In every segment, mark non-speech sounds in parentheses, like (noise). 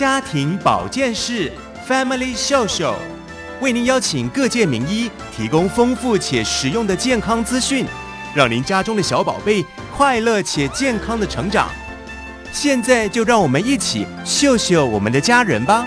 家庭保健室 Family Show Show, 為您邀請各界名醫，提供豐富且實用的健康資訊，讓您家中的小寶貝快樂且健康的成長。現在就讓我們一起秀秀我們的家人吧。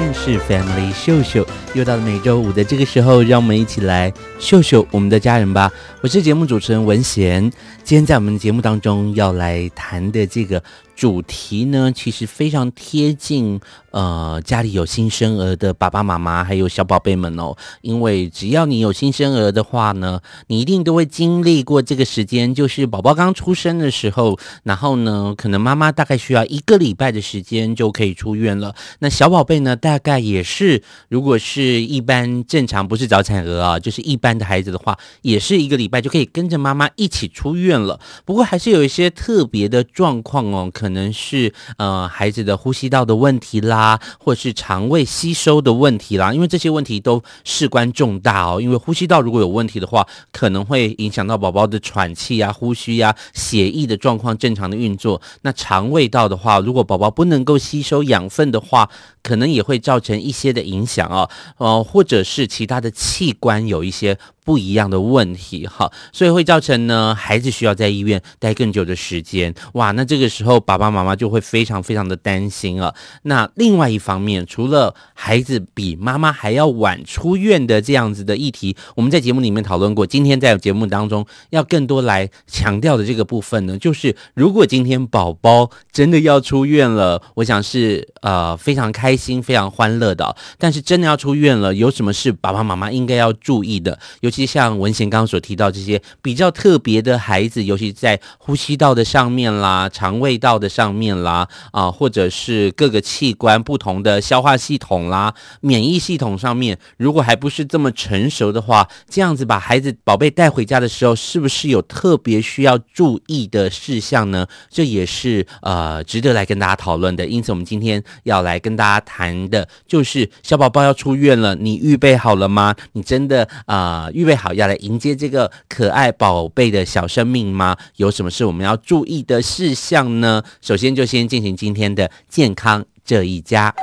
電視 Family 秀秀，又到了每周五的這個時候，讓我們一起來秀秀我們的家人吧。我是節目主持人文賢，今天在我們的節目當中要來談的這個。主題呢，其實非常貼近呃，家裡有新生兒的爸爸媽媽還有小寶貝們哦。因為只要你有新生兒的話呢，你一定都會經歷過這個時間，就是寶寶剛出生的時候，然後呢，可能媽媽大概需要一個禮拜的時間就可以出院了。那小寶貝呢，大概也是，如果是一般正常，不是早產兒啊，就是一般的孩子的話，也是一個禮拜就可以跟着媽媽一起出院了。不過還是有一些特別的狀況哦，可能是呃孩子的呼吸道的問題啦，或者是腸胃吸收的問題啦，因為這些問題都事關重大哦。因為呼吸道如果有問題的話，可能會影響到寶寶的喘氣呀、啊、呼吸呀、啊、血液的狀況正常的運作。那腸胃道的話，如果寶寶不能夠吸收養分的話，可能也會造成一些的影響哦。呃，或者是其他的器官有一些不一樣的問題，哈。所以會造成呢孩子需要在醫院待更久的時間。哇，那這個時候把。爸爸媽媽就會非常非常的擔心啊。那另外一方面，除了孩子比媽媽還要晚出院的這樣子的議題，我們在節目裡面討論過。今天在節目當中要更多來強調的這個部分呢，就是如果今天寶寶真的要出院了，我想是呃非常開心、非常歡樂的。但是真的要出院了，有什麼是爸爸媽媽應該要注意的？尤其像文賢剛剛所提到這些比較特別的孩子，尤其在呼吸道的上面啦、腸胃道。的上面啦，啊、呃，或者是各個器官，不同的消化系統啦、免疫系統上面，如果還不是這麼成熟的話，這樣子把孩子寶貝帶回家的時候，是不是有特別需要注意的事項呢？這也是呃值得來跟大家討論的。因此，我們今天要來跟大家談的，就是小寶寶要出院了，你預備好了嗎？你真的啊、呃、預備好要來迎接這個可愛寶貝的小生命嗎？有什麼是我們要注意的事項呢？首先就先進行今天的健康這一家，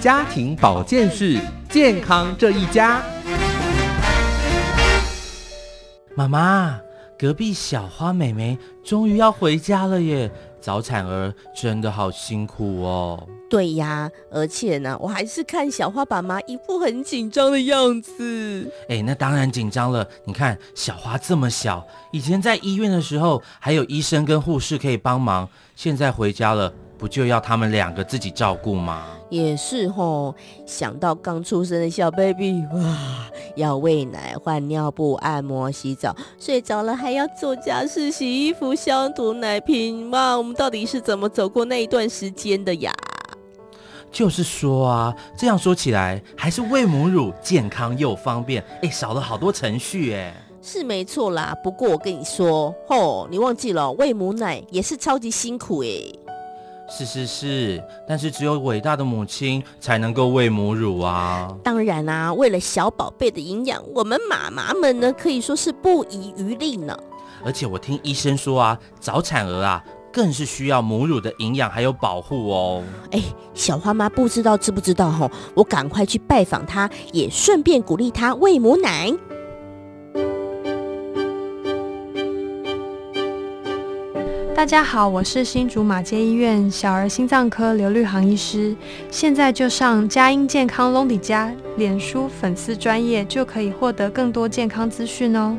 家庭保健室健康這一家。媽媽，隔壁小花妹妹終於要回家了耶。早產兒真的好辛苦哦。對呀，而且呢，我還是看小花爸媽一副很緊張的樣子。哎，那當然緊張了。你看小花這麼小，以前在醫院的時候還有醫生跟護士可以幫忙，現在回家了。不就要他們兩個自己照顧嗎？也是哦。想到剛出生的小 baby，哇，要餵奶、換尿布、按摩、洗澡，睡着了還要做家事、洗衣服、消毒奶瓶，媽，我們到底是怎麼走過那一段時間的呀？就是說啊，這樣說起來，還是餵母乳健康又方便，哎、欸，少了好多程序、欸，哎，是沒錯啦。不過我跟你說，吼，你忘記了，餵母奶也是超級辛苦、欸，哎。是是是，但是只有偉大的母親才能夠餵母乳啊！當然啦、啊，為了小寶貝的營養，我們媽媽們呢可以說是不遺餘力呢。而且我聽醫生說啊，早產兒啊更是需要母乳的營養還有保護哦。哎、欸，小花媽不知道知不知道吼？、哦，我趕快去拜訪她，也順便鼓勵她餵母奶。大家好，我是新竹馬街醫院小兒心臟科劉綠航醫師，現在就上佳音健康 l o n d 家臉書粉絲專頁，就可以獲得更多健康資訊哦。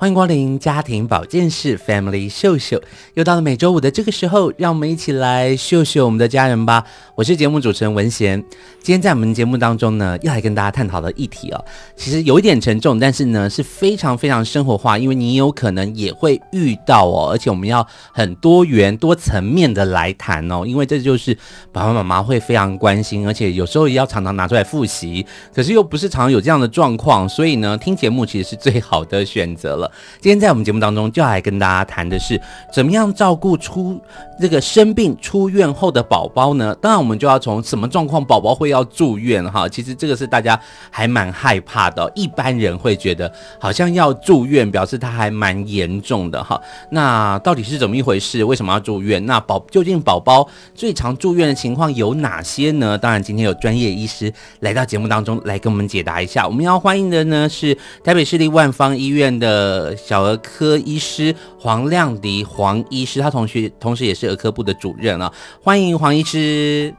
歡迎光臨家庭保健室 Family 秀秀，又到了每周五的這個時候，讓我們一起來秀秀我們的家人吧。我是節目主持人文賢。今天在我們節目當中呢，又來跟大家探討的議題哦，其實有一點沉重，但是呢是非常非常生活化，因為你有可能也會遇到哦。而且我們要很多元多層面的來談哦，因為這就是爸爸媽媽會非常關心，而且有時候也要常常拿出來複習，可是又不是常常有這樣的狀況，所以呢，聽節目其實是最好的選擇了。今天在我們節目當中，就要來跟大家談的是，怎麼樣照顧出這個生病出院後的寶寶呢？當然，我們就要從什麼狀況寶寶會要住院哈。其實這個是大家還蠻害怕的，一般人會覺得好像要住院，表示他還蠻嚴重的哈。那到底是怎麼一回事？為什麼要住院？那寶究竟寶寶最常住院的情況有哪些呢？當然，今天有專業醫師來到節目當中來跟我們解答一下。我們要歡迎的呢是台北市立萬芳醫院的。呃，小兒科醫師黃亮迪黃醫師，他同學，同時也是兒科部的主任啊，歡迎黃醫師。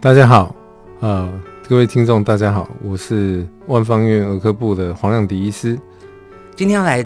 大家好，啊、呃，各位聽眾大家好，我是萬芳醫院兒科部的黃亮迪醫師。今天要來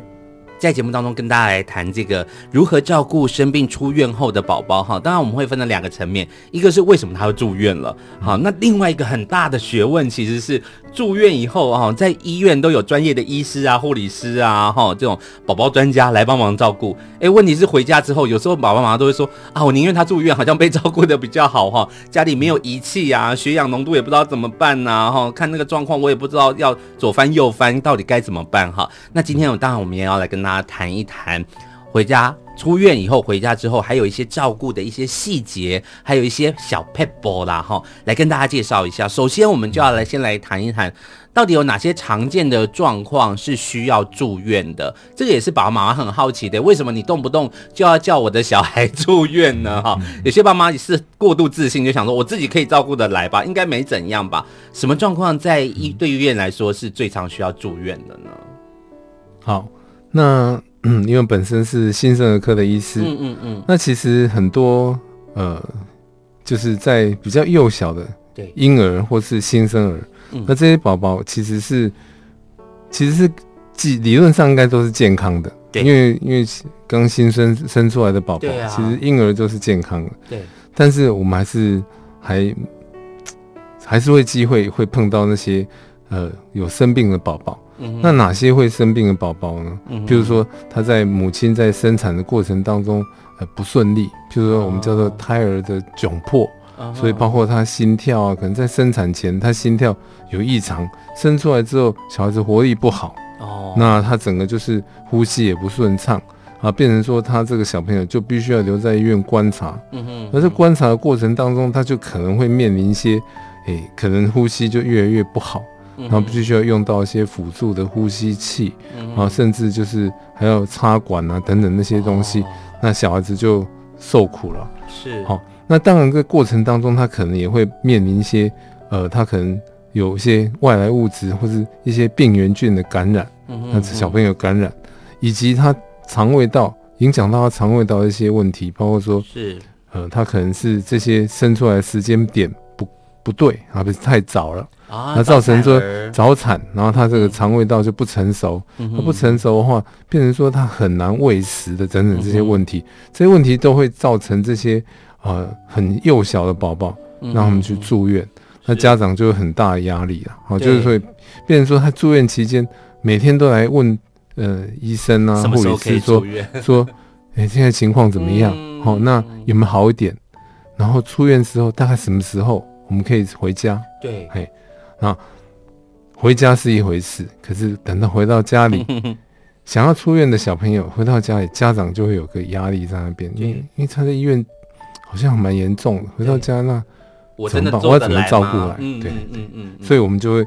在節目當中跟大家來談這個如何照顧生病出院後的寶寶哈，當然我們會分了兩個層面，一個是為什麼他要住院了，嗯、好，那另外一個很大的學問其實是，住院以後哈，在醫院都有專業的醫師啊、護理師啊，哈，這種寶寶專家來幫忙照顧。誒，問題是回家之後，有時候爸爸媽媽都會說啊，我寧願他住院，好像被照顧得比較好哈。家裡沒有儀器啊，血氧濃度也不知道怎麼辦吶，哈，看那個狀況，我也不知道要左翻右翻，到底該怎麼辦哈。那今天我當然我們也要來跟大家談一談回家。出院以後回家之後，還有一些照顧的一些細節，還有一些小撇步啦哈，來跟大家介紹一下。首先，我們就要來先來談一談，到底有哪些常見的狀況是需要住院的？這個也是爸爸媽媽很好奇的，為什麼你動不動就要叫我的小孩住院呢？哈，嗯、有些爸媽也是過度自信，就想說我自己可以照顧得來吧，應該沒怎樣吧？什麼狀況在醫對醫院來說是最常需要住院的呢？好，那。嗯，因為本身是新生兒科的醫師，嗯嗯嗯，嗯嗯那其實很多呃，就是在比較幼小的，對，嬰兒或是新生兒，那對這些寶寶其實是其實是理理論上應該都是健康的，對，因，因為因為剛新生生出來的寶寶，啊、其實嬰兒就是健康的，對，但是我們還是還還是會機會會碰到那些呃有生病的寶寶。那哪些會生病的寶寶呢？嗯哼，譬如說他在母親在生產的過程當中呃不順利，就是說我們叫做胎兒的窘迫，哦、所以包括他心跳啊，可能在生產前他心跳有異常，生出來之後小孩子活力不好哦，那他整個就是呼吸也不順暢啊，變成說他這個小朋友就必須要留在醫院觀察，嗯哼，嗯哼，而在觀察的過程當中他就可能會面臨一些，誒、欸，可能呼吸就越來越不好。然後必須需要用到一些輔助的呼吸器，嗯、哼然後甚至就是還有插管啊等等那些東西，哦、那小孩子就受苦了。是，好、哦，那當然這個過程當中，他可能也會面臨一些，呃，他可能有一些外來物質或是一些病原菌的感染，那、嗯、小朋友感染，以及他腸胃道影響到他腸胃道的一些問題，包括說是，呃，他可能是這些生出來的時間點。不對啊，不是太早了啊，那造成說早產，然後他這個腸胃道就不成熟，嗯、哼他不成熟的話，變成說他很難餵食的，等等這些問題，嗯、哼這些問題都會造成這些呃很幼小的寶寶、嗯、哼讓他們去住院，嗯、哼那家長就有很大的壓力了，好是、啊、就是說，變成說他住院期間每天都來問呃醫生啊，護理師說說，哎、欸、現在情況怎麼樣？好、嗯哦，那有沒有好一點？然後出院的時候大概什麼時候？我們可以回家，對，嘿，那回家是一回事，可是等到回到家裡， (laughs) 想要出院的小朋友回到家裡，家長就會有個壓力在那邊，因對因為他在醫院好像蠻嚴重的，回到家那對怎麼辦，我怎麼，我要怎麼照顧來？對、嗯，嗯嗯，嗯，嗯對，所以我們就會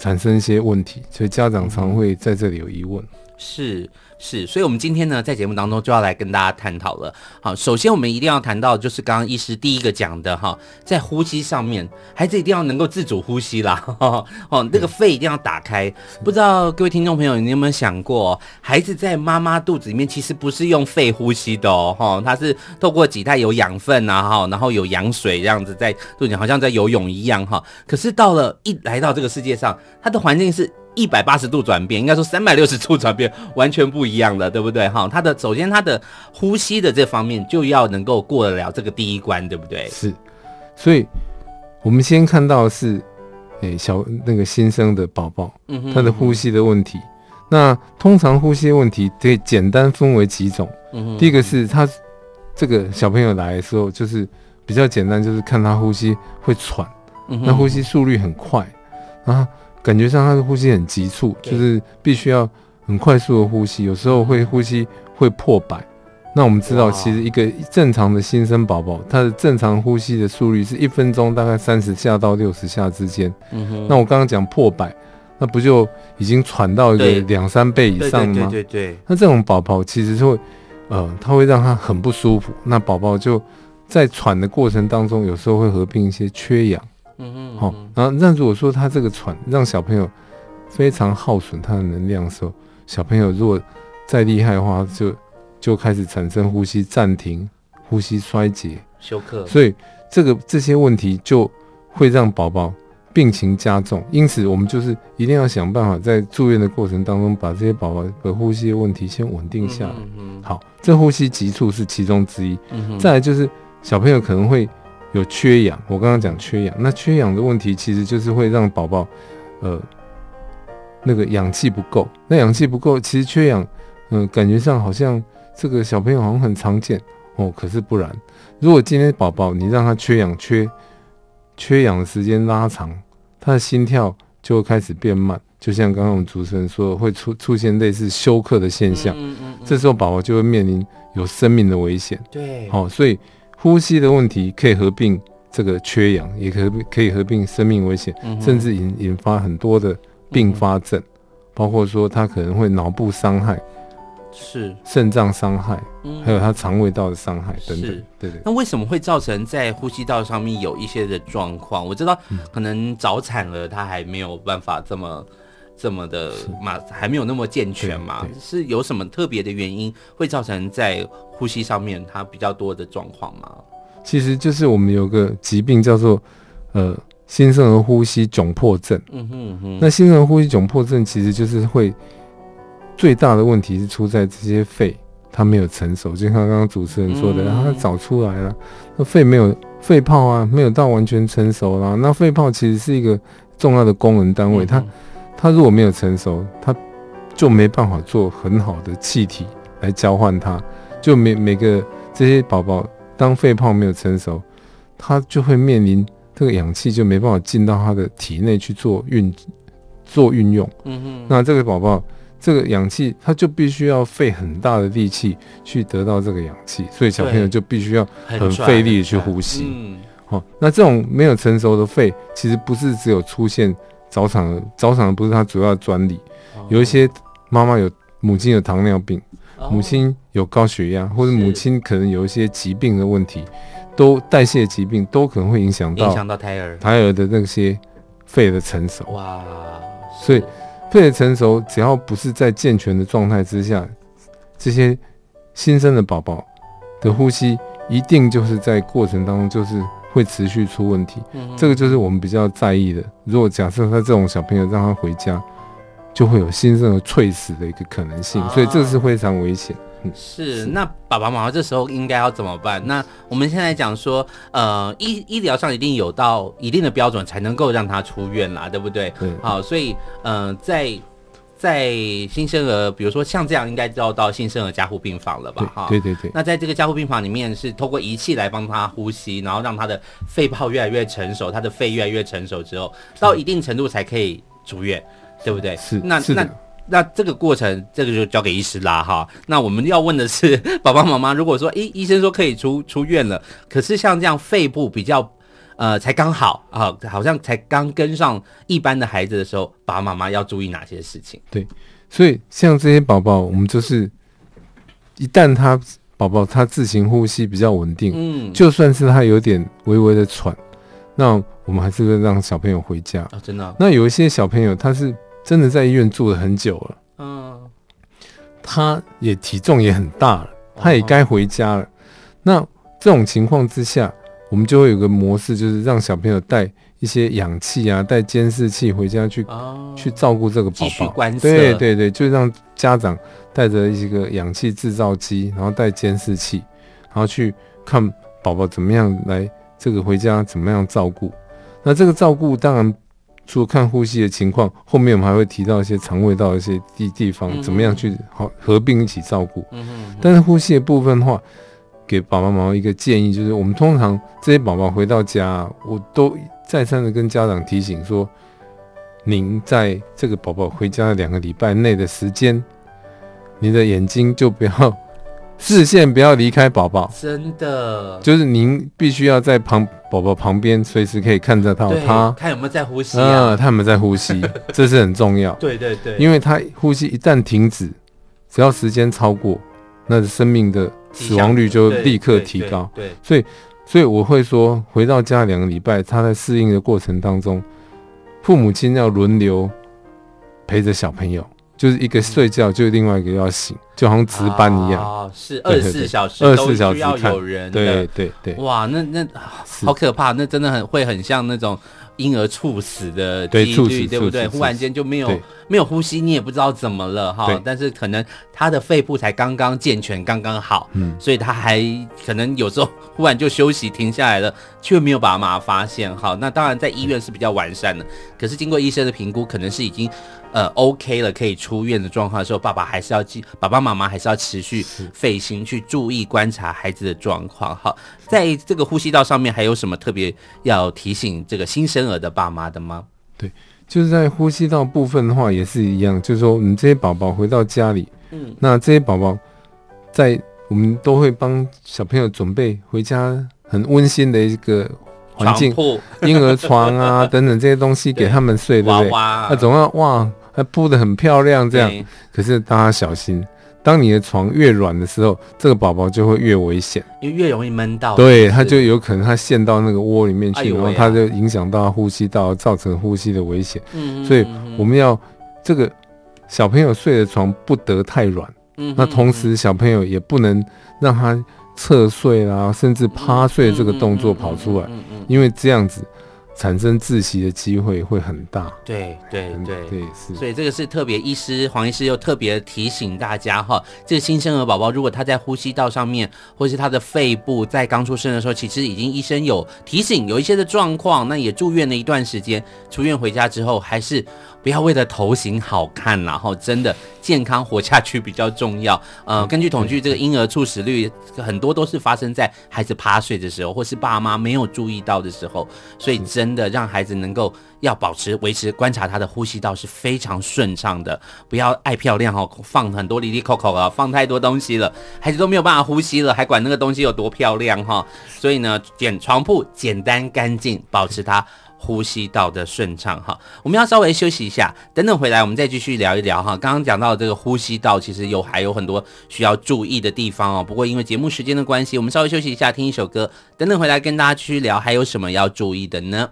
產生一些問題，所以家長常會在這裡有疑問。是。是，所以，我們今天呢，在節目當中就要來跟大家探討了。好，首先，我們一定要談到，就是剛剛醫師第一個講的哈，在呼吸上面，孩子一定要能夠自主呼吸啦。哦，那個肺一定要打開。嗯、不知道各位聽眾朋友，你有沒有想過，孩子在媽媽肚子裡面，其實不是用肺呼吸的哦，哈，他是透過臍帶有養分啊，哈，然後有羊水這樣子在，在肚子裡好像在游泳一樣哈。可是到了一來到這個世界上，他的環境是。一百八十度轉變，應該說三百六十度轉變，完全不一樣的，對不對？哈、哦，他的首先他的呼吸的這方面就要能夠過得了這個第一關，對不對？是，所以我們先看到是，哎、欸,小那個新生的寶寶，他的呼吸的問題。嗯哼嗯哼，那通常呼吸問題可以簡單分為幾種，第一個是他這個小朋友來的時候就是比較簡單，就是看他呼吸會喘，嗯哼嗯哼，那呼吸速率很快啊，然後感覺上他的呼吸很急促，就是必須要很快速的呼吸，有時候會呼吸會破百。那我們知道，其實一個正常的新生寶寶，他的正常呼吸的速率是一分鐘大概三十下到六十下之間。嗯哼。那我剛剛講破百，那不就已經喘到一個兩三倍以上嗎？對對對，對對對。那這種寶寶其實是會，呃，他會讓他很不舒服。那寶寶就在喘的過程當中，有時候會合併一些缺氧。嗯哼嗯哼，好、哦，然後那，如果說他這個喘讓小朋友非常耗損他的能量的時候，小朋友如果再厲害的話，就就開始產生呼吸暫停、呼吸衰竭、休克，所以這個這些問題就會讓寶寶病情加重。因此，我們就是一定要想辦法在住院的過程當中把這些寶寶的呼吸的問題先穩定下來。嗯哼嗯哼。好，這呼吸急促是其中之一。嗯哼，再來就是小朋友可能會。有缺氧，我剛剛講缺氧，那缺氧的問題其實就是會讓寶寶，呃，那個氧氣不夠。那氧氣不夠，其實缺氧，嗯、呃，感覺上好像這個小朋友好像很常見哦，可是不然。如果今天寶寶你讓他缺氧，缺缺氧的時間拉長，他的心跳就會開始變慢，就像剛剛我們主持人說的，會出出現類似休克的現象，嗯，嗯，嗯，這時候寶寶就會面臨有生命的危險，對，好、哦，所以。呼吸的問題可以合併這個缺氧，也可以可以合併生命危險，嗯、哼甚至引引發很多的併發症，嗯、哼包括說他可能會腦部傷害，是腎臟傷害，嗯、還有他腸胃道的傷害等等。是對，對對。那為什麼會造成在呼吸道上面有一些的狀況？我知道可能早產了，他還沒有辦法這麼。這麼的嘛，是還沒有那麼健全嘛？是有什麼特別的原因會造成在呼吸上面它比較多的狀況嗎？其實就是我們有個疾病叫做呃新生兒呼吸窘迫症。嗯哼哼、嗯。那新生兒呼吸窘迫症其實就是會最大的問題是出在這些肺它沒有成熟，就像剛剛主持人說的，然後它早出來了，那肺沒有肺泡啊，沒有到完全成熟了。那肺泡其實是一個重要的功能單位，它、嗯。他如果沒有成熟，他就沒辦法做很好的氣體來交換，他就每，每個這些寶寶當肺泡沒有成熟，他就會面臨這個氧氣就沒辦法進到他的體內去做運做運用。嗯哼。那這個寶寶這個氧氣他就必須要費很大的力氣去得到這個氧氣，所以小朋友就必須要很費力的去呼吸。好，嗯，哦，那這種沒有成熟的肺其實不是只有出現。早產，早產不是它主要的專利。嗯、有一些媽媽有母親有糖尿病，嗯、母親有高血壓，或者母親可能有一些疾病的問題，是都代謝疾病都可能會影響到影響到胎兒，胎兒的那些肺的成熟。哇！所以肺的成熟，只要不是在健全的狀態之下，這些新生的寶寶的呼吸一定就是在過程當中就是。會持續出問題，嗯、哼這個就是我們比較在意的。如果假設他這種小朋友讓他回家，就會有新生兒猝死的一個可能性，啊、所以這是非常危險。嗯、是，那爸爸媽媽這時候應該要怎麼辦？那我們現在講說，呃，醫醫療上一定有到一定的標準才能夠讓他出院啦，對不對？嗯、好，所以嗯、呃，在。在新生兒，比如說像這樣，應該就要到新生兒加護病房了吧？哈，對，對對對。那在這個加護病房裡面，是透過儀器來幫他呼吸，然後讓他的肺泡越來越成熟，他的肺越來越成熟之後，到一定程度才可以出院，嗯、對不對？是，那是的那那這個過程，這個就交給醫師啦。哈，那我們要問的是，爸爸媽媽，如果說，誒、欸，醫生說可以出出院了，可是像這樣肺部比較。呃，才剛好啊、哦，好像才剛跟上一般的孩子的時候，爸爸媽媽要注意哪些事情？對，所以像這些寶寶，我們就是一旦他寶寶他自行呼吸比較穩定，嗯，就算是他有點微微的喘，那我們還是會讓小朋友回家啊、哦。真的、哦？那有一些小朋友他是真的在醫院住了很久了，嗯，他也體重也很大了，他也該回家了。哦、那這種情況之下。我們就會有個模式，就是讓小朋友帶一些氧氣啊，帶監視器回家去，哦、去照顧這個寶寶。繼續觀測。對對對，就讓家長帶着一個氧氣製造機，然後帶監視器，然後去看寶寶怎麼樣來這個回家怎麼樣照顧。那這個照顧當然除了看呼吸的情況，後面我們還會提到一些腸胃道一些地地方怎麼樣去好合，合併一起照顧。嗯哼嗯哼。但是呼吸的部分的話。給爸爸媽媽一個建議，就是我們通常這些寶寶回到家，我都再三的跟家長提醒說，您在這個寶寶回家的兩個禮拜內的時間，您的眼睛，就不要視線不要離開寶寶。真的，就是您必須要在旁寶寶旁邊，隨時可以看得到他，看有沒有在呼吸啊，呃、他有沒有在呼吸， (laughs) 這是很重要。對對對，因為他呼吸一旦停止，只要時間超過，那是、個、生命的。死亡率就立刻提高，對，對對對對，所以，所以我會說，回到家兩個禮拜，他在適應的過程當中，父母親要輪流陪着小朋友，就是一個睡覺，就另外一個要醒，嗯、就好像值班一樣哦、啊、是二十四小時，二十四小時需要有人，對對對，哇，那那、啊、是好可怕，那真的很會很像那種。嬰兒猝死的幾率，對，對不對？忽然間就沒有對沒有呼吸，你也不知道怎麼了哈對。但是可能他的肺部才剛剛健全，剛剛好，嗯對，所以他還可能有時候忽然就休息停下來了，卻、嗯、沒有爸媽發現哈。那當然在醫院是比較完善的，嗯、可是經過醫生的評估，可能是已經。呃，OK 了，可以出院的狀況的時候，爸爸還是要繼爸爸媽媽還是要持續費心去注意觀察孩子的狀況。好，在這個呼吸道上面還有什麼特別要提醒這個新生兒的爸媽的嗎？對，就是在呼吸道部分的話也是一樣，就是說你這些寶寶回到家裡，嗯，那這些寶寶在我們都會幫小朋友準備回家很溫馨的一個。環境、嬰兒床，鋪床啊 (laughs) 等等這些東西給他們睡，對，對不對？他哇、啊、總要哇，他鋪得很漂亮這樣。對可是大家小心，當你的床越軟的時候，這個寶寶就會越危險，因為越，越容易悶到、就是。對，他就有可能他陷到那個窩裡面去，哎啊、然後他就影響到呼吸道，造成呼吸的危險。嗯嗯嗯嗯，所以我們要這個小朋友睡的床不得太軟。嗯嗯嗯嗯，那同時小朋友也不能讓他。側睡啦、啊，甚至趴睡這個動作跑出來，因為這樣子產生窒息的機會會很大。對對對對，對，是。所以這個是特別，醫師黃醫師又特別提醒大家哈、哦，這個新生兒寶寶如果他在呼吸道上面，或是他的肺部在剛出生的時候，其實已經醫生有提醒有一些的狀況，那也住院了一段時間，出院回家之後還是。不要為了頭型好看啦，然後真的健康活下去比較重要。呃，根據統計，這個嬰兒猝死率很多都是發生在孩子趴睡的時候，或是爸媽沒有注意到的時候。所以真的讓孩子能夠要保持維持觀察他的呼吸道是非常順暢的。不要愛漂亮哦，放很多哩哩扣扣啊，放太多東西了，孩子都沒有辦法呼吸了，還管那個東西有多漂亮哈。所以呢，點床鋪簡單乾淨，保持它。呼吸道的順暢哈，我們要稍微休息一下，等等回來我們再繼續聊一聊哈。剛剛講到這個呼吸道，其實有還有很多需要注意的地方哦。不過因為節目時間的關係，我們稍微休息一下，聽一首歌，等等回來跟大家繼續聊，還有什麼要注意的呢？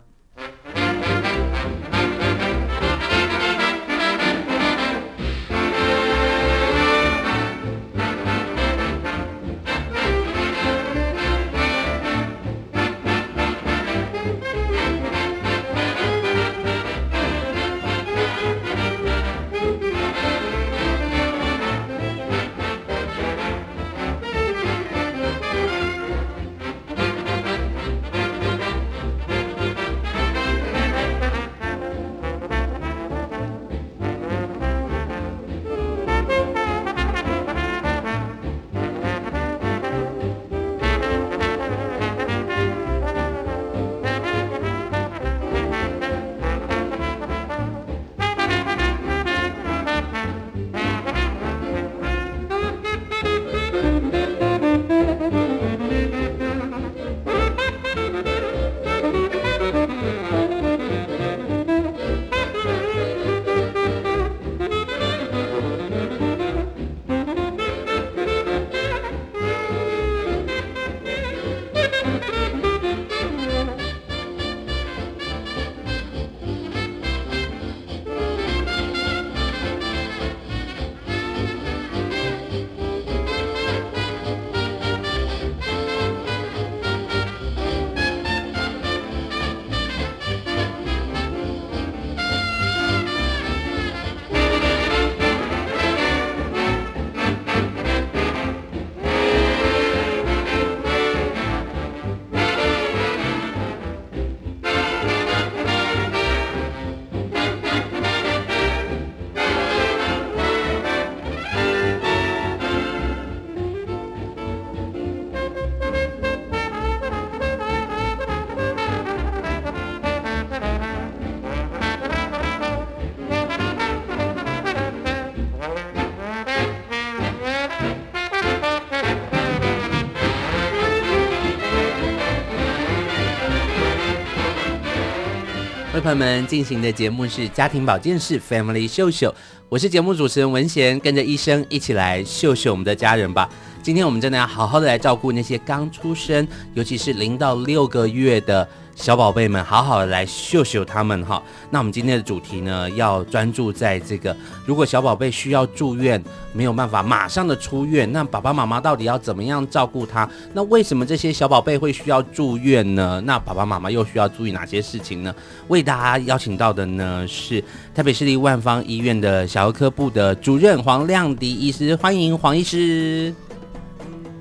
朋友們，進行的節目是家庭保健室 Family 秀秀，我是節目主持人文賢，跟着醫生一起來秀秀我們的家人吧。今天我們真的要好好的來照顧那些剛出生，尤其是零到六個月的。小寶貝們，好好的來秀秀他們哈。那我們今天的主題呢，要專注在這個：如果小寶貝需要住院，沒有辦法馬上的出院，那爸爸媽媽到底要怎麼樣照顧他？那為什麼這些小寶貝會需要住院呢？那爸爸媽媽又需要注意哪些事情呢？為大家邀請到的呢，是台北市立萬芳醫院的小兒科部的主任黃亮迪醫師，歡迎黃醫師。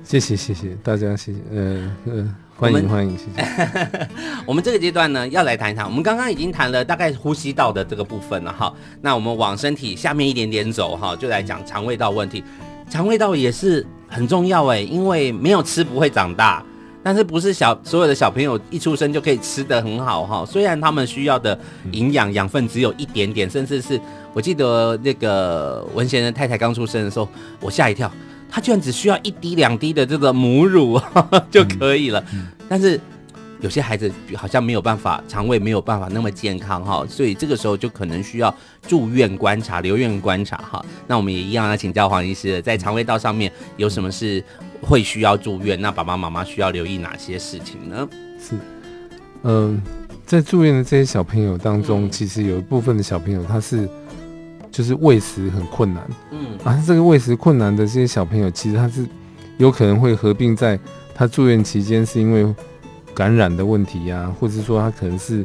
謝謝謝謝大家，謝謝嗯嗯。嗯我歡迎歡迎，謝謝。 (laughs) 我們這個階段呢，要來談一談。我們剛剛已經談了大概呼吸道的這個部分了哈，那我們往身體下面一點點走哈，就來講腸胃道問題。腸胃道也是很重要哎，因為沒有吃不會長大，但是不是小所有的小朋友一出生就可以吃得很好哈？雖然他們需要的營養養分只有一點點，嗯、甚至是我記得那個文賢的太太剛出生的時候，我嚇一跳。他居然只需要一滴兩滴的這個母乳 (laughs) 就可以了，嗯嗯、但是有些孩子好像沒有辦法，腸胃沒有辦法那麼健康哈、哦，所以這個時候就可能需要住院觀察、留院觀察哈。那我們也一樣要、啊、請教黃醫師，在腸胃道上面有什麼是會需要住院？嗯、那爸爸媽媽需要留意哪些事情呢？是，嗯、呃，在住院的這些小朋友當中，嗯、其實有一部分的小朋友他是。就是餵食很困難，嗯，啊，這個餵食困難的這些小朋友，其實他是有可能會合併在他住院期間，是因為感染的問題呀、啊，或者說他可能是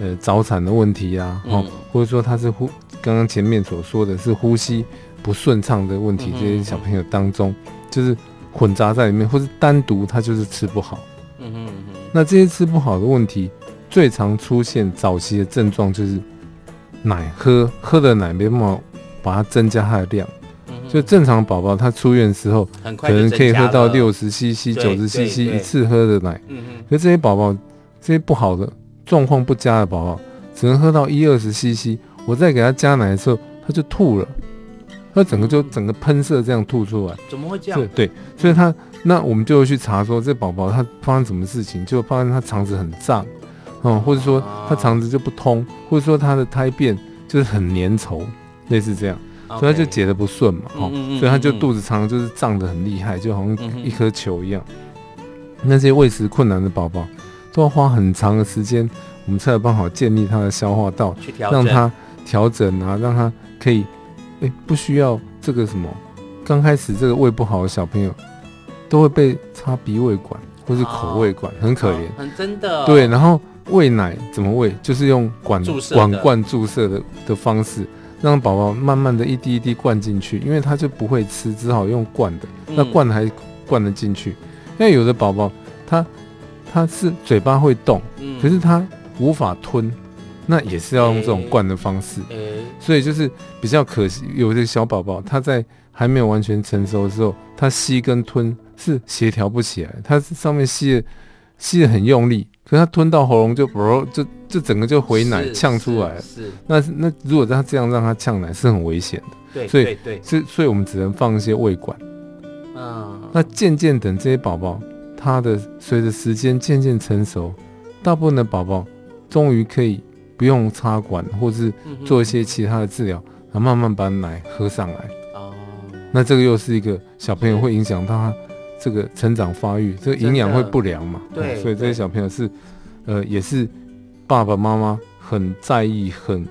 呃早產的問題呀、啊，哦，或者說他是呼剛剛前面所說的是呼吸不順暢的問題，嗯哼嗯哼這些小朋友當中就是混雜在裡面，或是單獨他就是吃不好，嗯哼嗯嗯，那這些吃不好的問題最常出現早期的症狀就是。奶喝喝的奶沒辦法把它增加它的量，嗯、哼就正常寶寶他出院的時候的可能可以喝到六十 CC, CC、九十 CC 一次喝的奶，嗯嗯哼，可是這些寶寶這些不好的狀況不佳的寶寶只能喝到一二十 CC，我再給他加奶的時候他就吐了，他整個就整個噴射這樣吐出來，怎麼會這樣？對，所以他、嗯、那我們就去查說這寶寶他發生什麼事情，就發現他腸子很脹。嗯，或者說他腸子就不通，啊、或者說他的胎便就是很粘稠，類似這樣，Okay. 所以他就解得不順嘛，哦，嗯嗯嗯嗯嗯所以他就肚子常常就是脹的很厲害，就好像一顆球一樣。嗯、哼那些餵食困難的寶寶，都要花很長的時間，我們才有辦法建立他的消化道，調讓他調整啊，讓他可以、欸，不需要這個什麼，剛開始這個胃不好的小朋友，都會被插鼻胃管或是口胃管，啊、很可憐、哦，很真的、哦，對，然後。餵奶怎麼餵？就是用管管灌注射的注射的，的方式，讓寶寶慢慢的一滴一滴灌進去，因為他就不會吃，只好用灌的。那灌還灌得進去，嗯、因為有的寶寶他他是嘴巴會動，嗯、可是他無法吞，那也是要用這種灌的方式。欸欸、所以就是比較可惜，有的小寶寶他在還沒有完全成熟的時候，他吸跟吞是協調不起來，他上面吸的吸的很用力。他吞到喉嚨就不就就整個就回奶嗆出來了，是，是，是。那那如果他這樣讓他嗆奶是很危險的。對所以所以所以我們只能放一些胃管，嗯，那漸漸等這些寶寶他的隨着時間漸漸成熟，大部分的寶寶終於可以不用插管或是做一些其他的治療，然後、嗯哼啊、慢慢把奶喝上來，哦、嗯，那這個又是一個小朋友會影響到他。這個成長發育，這個營養會不良嘛？對、嗯，所以這些小朋友是，對呃，也是爸爸媽媽很在意、很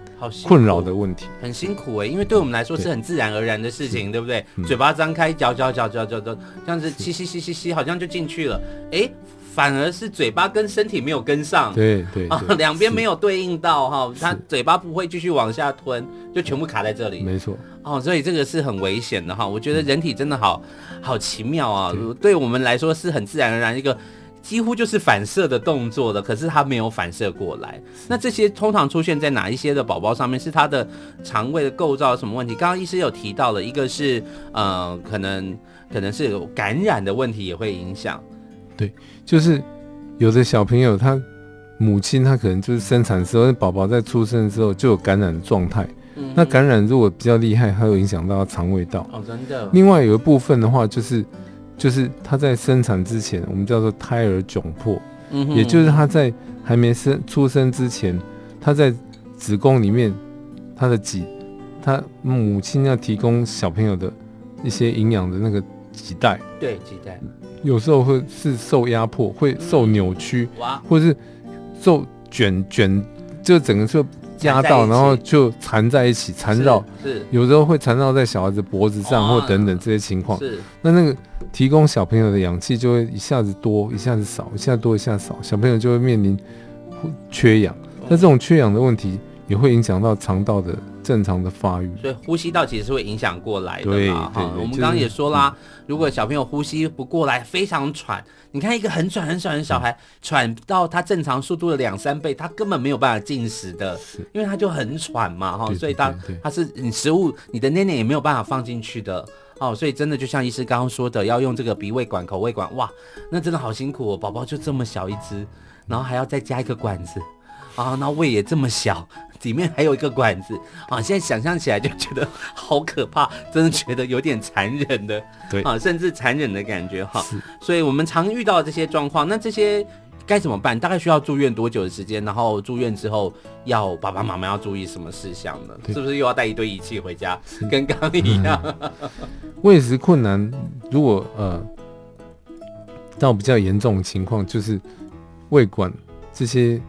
困擾的問題，辛很辛苦誒、欸。因為對我們來說是很自然而然的事情，對，對不對？嗯、嘴巴張開，嚼嚼嚼嚼嚼嚼、嚼，這樣子吸吸吸吸吸，好像就進去了，哎是。誒反而是嘴巴跟身體沒有跟上，對對啊，哦、是兩邊沒有對應到哈，他嘴巴不會繼續往下吞，是就全部卡在這裡，沒錯哦，所以這個是很危險的哈。我覺得人體真的好、嗯、好奇妙啊，對，對我們來說是很自然而然一個幾乎就是反射的動作的，可是它沒有反射過來。是那這些通常出現在哪一些的寶寶上面？是他的腸胃的構造什麼問題？剛剛醫師有提到了，一個是嗯、呃，可能可能是感染的問題也會影響，對。就是有的小朋友，他母親他可能就是生產的時候，那寶寶在出生的時候就有感染的狀態。嗯、哼那感染如果比較厲害，還有影響到腸胃道。哦，真的。另外有一部分的話，就是就是他在生產之前，我們叫做胎兒窘迫，嗯、哼也就是他在還沒生出生之前，他在子宮裡面他的臍他母親要提供小朋友的一些營養的那個臍帶。對，臍帶。有時候會是受壓迫，會受扭曲，嗯、哇或者是受捲捲，就整個就壓到，然後就纏在一起，纏繞。是，到是有時候會纏繞在小孩子脖子上，哦啊、或等等這些情況。是那那個提供小朋友的氧氣就會一下子多，一下子少，一下子多，一下子少，小朋友就會面臨缺氧。嗯、那這種缺氧的問題也會影響到腸道的。正常的發育，所以呼吸道其實是會影響過來的嘛。哈、嗯哦，我們剛剛也說啦，就是嗯、如果小朋友呼吸不過來，非常喘，嗯、你看一個很喘、很喘的小孩，嗯、喘到他正常速度的兩三倍，他根本沒有辦法進食的，是因為他就很喘嘛，哈、哦，對對對，所以他他是你食物，你的奶奶也沒有辦法放進去的，哦，所以真的就像醫師剛剛說的，要用這個鼻胃管、口胃管，哇，那真的好辛苦哦，寶寶就這麼小一隻，然後還要再加一個管子，嗯、啊，那胃也這麼小。裡面還有一個管子啊，現在想象起來就覺得好可怕，真的覺得有點殘忍的， (laughs) 對啊，甚至殘忍的感覺哈。啊、是所以，我們常遇到這些狀況，那這些該怎麼辦？大概需要住院多久的時間？然後住院之後，要爸爸媽媽要注意什麼事項呢？對是不是又要帶一堆儀器回家，是跟剛剛一樣？餵食、嗯、困難，如果呃，到比較嚴重的情況，就是胃管這些。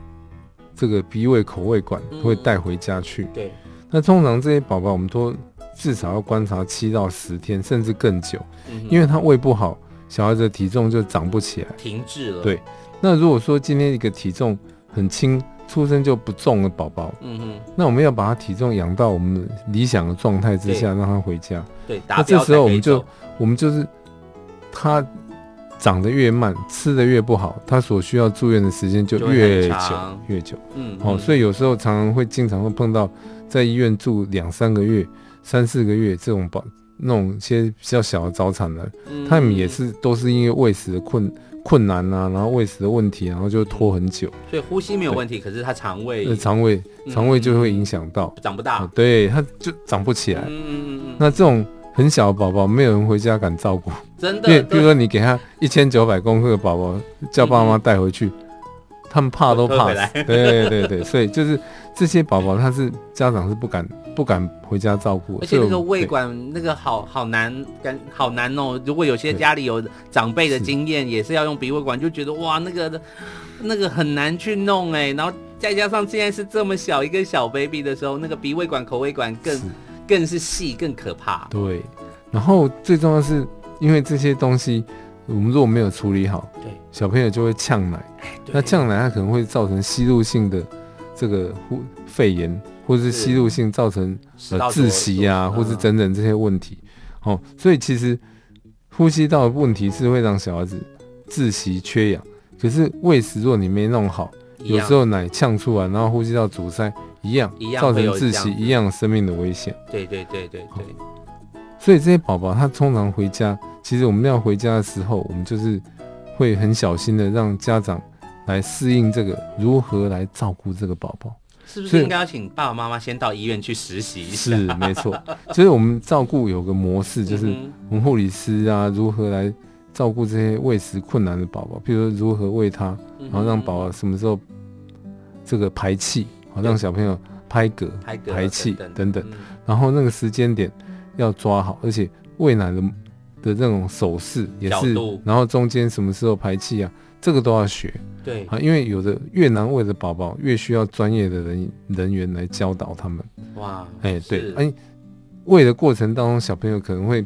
這個鼻胃口味管會帶回家去。嗯、對，那通常這些寶寶，我們都至少要觀察七到十天，甚至更久，嗯、哼因為他胃不好，小孩子的體重就長不起來，停滯了。對，那如果說今天一個體重很輕，出生就不重的寶寶，嗯哼，那我們要把他體重養到我們理想的狀態之下，對讓他回家。對，打那這時候我們就，我們就是他。長得越慢，吃得越不好，他所需要住院的時間就越久就越久。嗯，好、嗯哦，所以有時候常常會經常會碰到在醫院住兩三個月，三四個月這種寶，那種些比較小的早產的，他們、嗯、也是都是因為餵食的困困難啊，然後餵食的問題，然後就拖很久。嗯、所以呼吸沒有問題，對可是他腸胃，腸、呃、胃腸胃就會影響到、嗯、長不大。哦、對，他就長不起來。嗯嗯嗯嗯，那這種。很小的寶寶沒有人回家敢照顧，真的。比如說你給他一千九百公克的寶寶，叫爸媽帶回去，嗯嗯他們怕都怕回 (laughs) 對，對對對，所以就是這些寶寶他是家長是不敢不敢回家照顧。而且那個胃管對那個好好難，好難弄。如果有些家裡有長輩的經驗，對也是要用鼻胃管，就覺得哇那個那個很難去弄哎。然後再加上現在是這麼小一個小 baby 的時候，那個鼻胃管、口胃管更。更是細，更可怕。對，然後最重要是，因為這些東西，我們如果沒有處理好，對，小朋友就會嗆奶。啊、那嗆奶，它可能會造成吸入性的這個呼肺炎，或是吸入性造成是呃窒息啊，多多或是等等這些問題。嗯啊、哦，所以其實呼吸道的問題是會讓小孩子窒息缺氧。可是餵食若你沒弄好，樣有時候奶嗆出來，然後呼吸道阻塞。一樣，一樣造成窒息，一樣生命的危險。對對對對對。所以這些寶寶，他通常回家，其實我們要回家的時候，我們就是會很小心的，讓家長來適應這個如何來照顧這個寶寶。是不是應該要請爸爸媽媽先到醫院去實習一下？是，沒錯。就是我們照顧有個模式，就是我們護理師啊，如何來照顧這些餵食困難的寶寶，比如說如何餵他，然後讓寶寶什麼時候這個排氣。讓小朋友拍嗝、排氣等等，然後那個時間點要抓好，而且餵奶的的這種手勢也是，然後中間什麼時候排氣啊，這個都要學。對，啊，因為有的越難餵的寶寶，越需要專業的人人員來教導他們。哇，哎，對，哎，餵的過程當中，小朋友可能會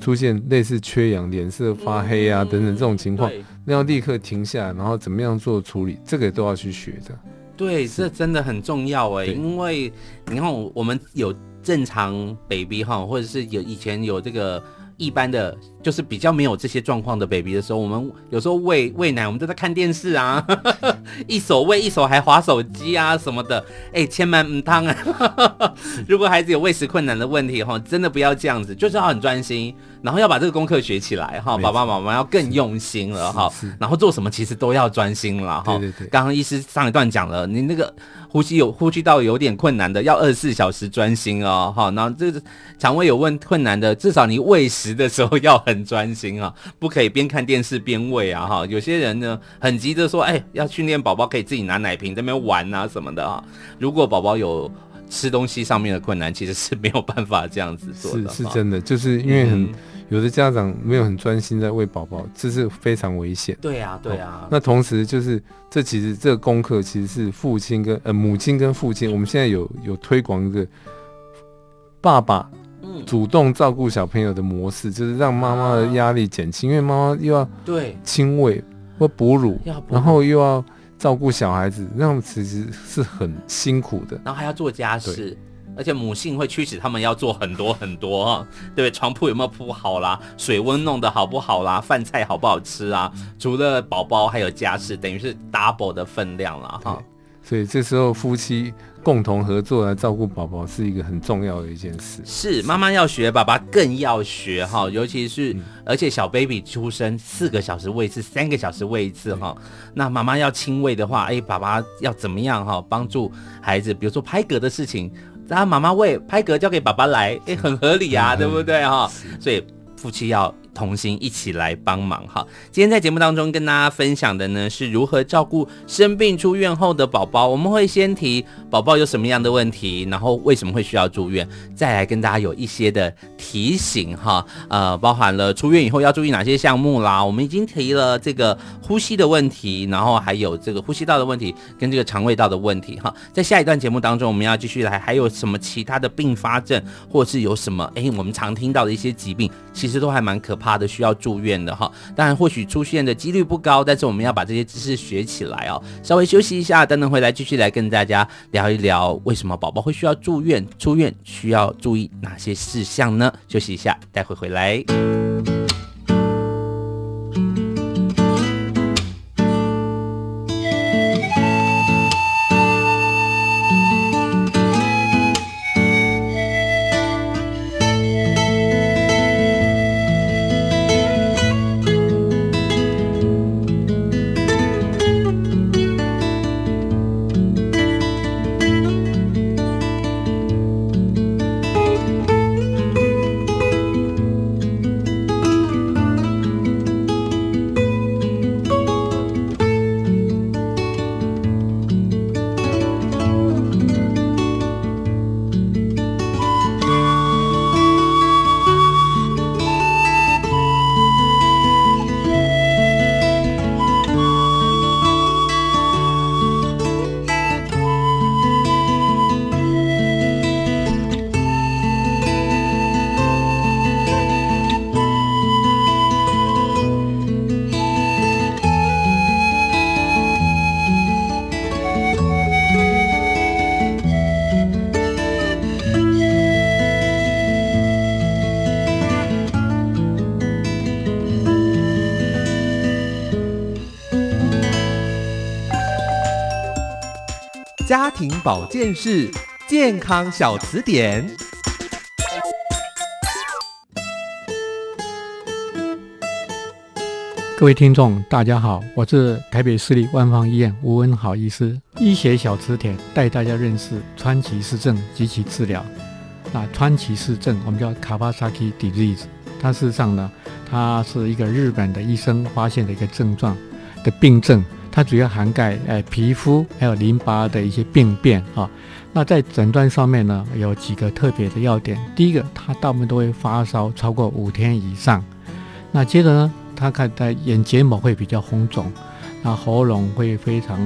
出現類似缺氧、臉色發黑啊等等這種情況，那要立刻停下來，然後怎麼樣做處理，這個都要去學的。對，是這真的很重要哎，對因為你看，我，我們有正常 baby 哈，或者是有以前有這個一般的，就是比較沒有這些狀況的 baby 的時候，我們有時候餵餵奶，我們都在看電視啊，呵呵一手餵一手還滑手機啊什麼的，哎、欸，千萬母湯啊。呵呵 (laughs) 如果孩子有餵食困難的問題，哈，真的不要這樣子，就是要很專心，然後要把這個功課學起來，哈，錯爸爸媽媽要更用心了，哈是，吼然後做什麼其實都要專心了，哈。剛剛醫師上一段講了，你那個呼吸有呼吸道有點困難的，要二十四小時專心哦，哈。然後這個腸胃有問困難的，至少你餵食的時候要很專心啊，不可以邊看電視邊餵啊，哈。有些人呢很急着說，哎、欸，要訓練寶寶可以自己拿奶瓶在那邊玩啊什麼的啊。如果寶寶有吃東西上面的困難其實是沒有辦法這樣子做的，是，是真的，好就是因為很、嗯、有的家長沒有很專心在餵寶寶，這是非常危險。對啊，對啊、哦。那同時就是，這其實這個功課其實是父親跟呃母親跟父親，嗯、我們現在有有推廣一個爸爸主動照顧小朋友的模式，嗯、就是讓媽媽的壓力減輕，啊、因為媽媽又要對親餵或哺乳，對然後又要。照顧小孩子，那樣其實是很辛苦的，然後還要做家事，對而且母性會驅使他們要做很多很多啊，對不對？床鋪有沒有鋪好啦？水溫弄得好不好啦？飯菜好不好吃啊？除了寶寶，還有家事，等於是 double 的分量啦。哈。所以這時候夫妻共同合作來照顧寶寶是一個很重要的一件事。是媽媽要學，爸爸更要學哈。是尤其是、嗯、而且小 baby 出生四個小時餵一次，三個小時餵一次哈。對那媽媽要親餵的話，哎，爸爸要怎麼樣哈？幫助孩子，比如說拍嗝的事情，讓媽媽餵拍嗝，交給爸爸來，哎，很合理啊，是對不對哈？是所以夫妻要。同心一起來幫忙哈！今天在節目當中跟大家分享的呢，是如何照顧生病出院後的寶寶。我們會先提寶寶有什麼樣的問題，然後為什麼會需要住院，再來跟大家有一些的提醒哈。呃，包含了出院以後要注意哪些項目啦。我們已經提了這個呼吸的問題，然後還有這個呼吸道的問題跟這個腸胃道的問題哈。在下一段節目當中，我們要繼續來還有什麼其他的并發症，或是有什麼誒、欸，我們常聽到的一些疾病，其實都還蠻可怕。怕的需要住院的哈，當然或許出現的幾率不高，但是我們要把這些知識學起來哦，稍微休息一下，等等回來繼續來跟大家聊一聊，為什麼寶寶會需要住院？出院需要注意哪些事項呢？休息一下，待會回來。保健室健康小詞典。各位聽眾，大家好，我是台北市立萬芳醫院吳文好醫師。醫學小詞典，帶大家認識川崎氏症及其治療。那川崎氏症，我們叫 Kawasaki disease，它事實上呢，它是一個日本的醫生發現的一個症狀的病症。它主要涵蓋誒皮膚還有淋巴的一些病變啊。那在診斷上面呢，有幾個特別的要點。第一個，它大部分都會發燒超過五天以上。那接着呢，它看在眼結膜會比較紅腫，那喉嚨會非常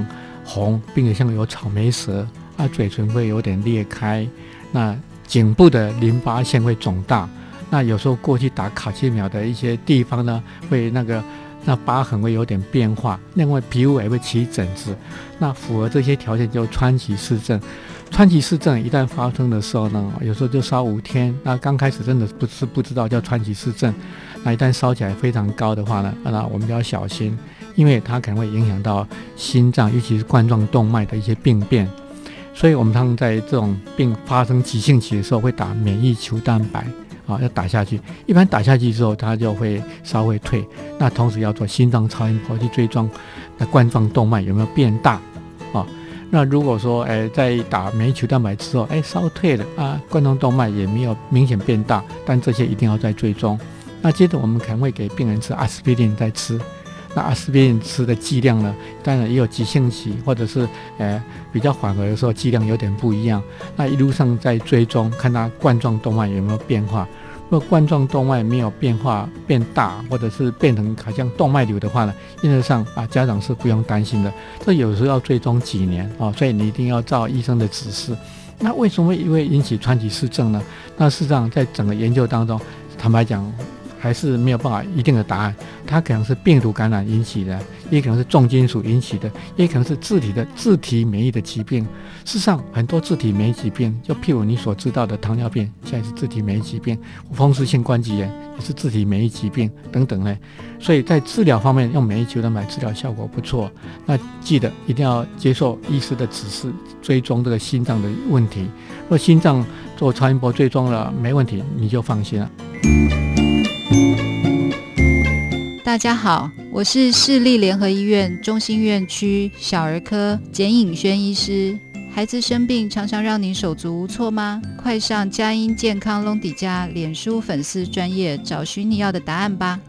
紅，並且像有草莓舌啊，嘴唇會有點裂開。那頸部的淋巴腺會腫大。那有時候過去打卡介苗的一些地方呢，會那個。那疤痕會有點變化，另外皮膚也會起疹子，那符合這些條件叫川崎氏症。川崎氏症一旦發生的時候呢，有時候就燒五天，那剛開始真的不是不知道叫川崎氏症，那一旦燒起來非常高的話呢，那我們就要小心，因為它可能會影響到心臟，尤其是冠狀動脈的一些病變。所以，我們他們在這種病發生急性期的時候，會打免疫球蛋白。啊、哦，要打下去，一般打下去之後，他就會稍微退。那同時要做心臟超音波去追蹤，那冠狀動脈有沒有變大？啊、哦，那如果說，哎、欸，在打免疫球蛋白之後，哎、欸，燒退了啊，冠狀動脈也沒有明顯變大，但這些一定要再追蹤。那接着我們可能會給病人吃阿司匹林再吃。那阿司匹林吃的劑量呢？當然也有急性期或者是呃比較緩和的時候劑量有點不一樣。那一路上在追蹤，看他冠狀動脈有沒有變化。如果冠狀動脈沒有變化，變大或者是變成好像動脈瘤的話呢，原則上啊家長是不用擔心的。這有時候要追蹤幾年啊、哦，所以你一定要照醫生的指示。那為什麼會引起川崎氏症呢？那事實上在整個研究當中，坦白講。還是沒有辦法一定的答案，它可能是病毒感染引起的，也可能是重金屬引起的，也可能是自體的自體免疫的疾病。事實上，很多自體免疫疾病，就譬如你所知道的糖尿病，現在是自體免疫疾病；風濕性關節炎也是自體免疫疾病等等嘞。所以在治療方面，用免疫球蛋白治療效果不錯。那記得一定要接受醫師的指示，追蹤這個心臟的問題。若心臟做超音波追蹤了沒問題，你就放心了。大家好，我是市立聯合醫院中心院區小兒科簡穎軒醫師。孩子生病常常讓您手足無措嗎？快上佳音健康隆迪家臉書粉絲專頁找尋你要的答案吧。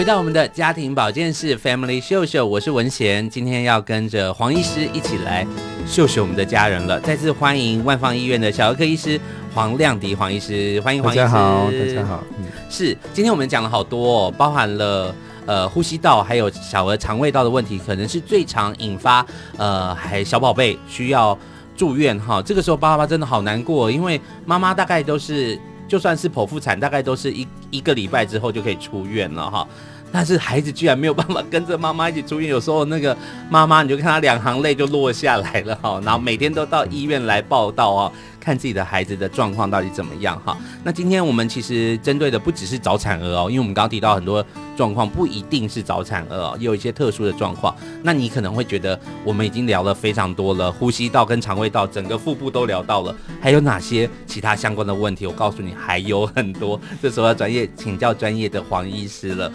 回到我們的家庭保健室，Family 秀秀，我是文賢，今天要跟着黃醫師一起來秀秀我們的家人了。再次歡迎萬芳醫院的小兒科醫師黃亮迪，黃醫師，歡迎黃醫師。黃大家好，大家好。是，今天我們講了好多，哦，包含了呃呼吸道還有小兒腸胃道的問題，可能是最常引發呃還小寶貝需要住院哈，哦。這個時候爸爸真的好難過，因為媽媽大概都是。就算是剖腹產，大概都是一一個禮拜之後就可以出院了哈，但是孩子居然沒有辦法跟着媽媽一起出院，有時候那個媽媽你就看她兩行淚就落下來了哈，然後每天都到醫院來報到啊。看自己的孩子的狀況到底怎麼樣哈？那今天我們其實針對的不只是早產兒哦，因為我們剛剛提到很多狀況不一定是早產兒哦，也有一些特殊的狀況。那你可能會覺得我們已經聊了非常多了，呼吸道跟腸胃道整個腹部都聊到了，還有哪些其他相關的問題？我告訴你還有很多，這時候要專業請教專業的黃醫師了。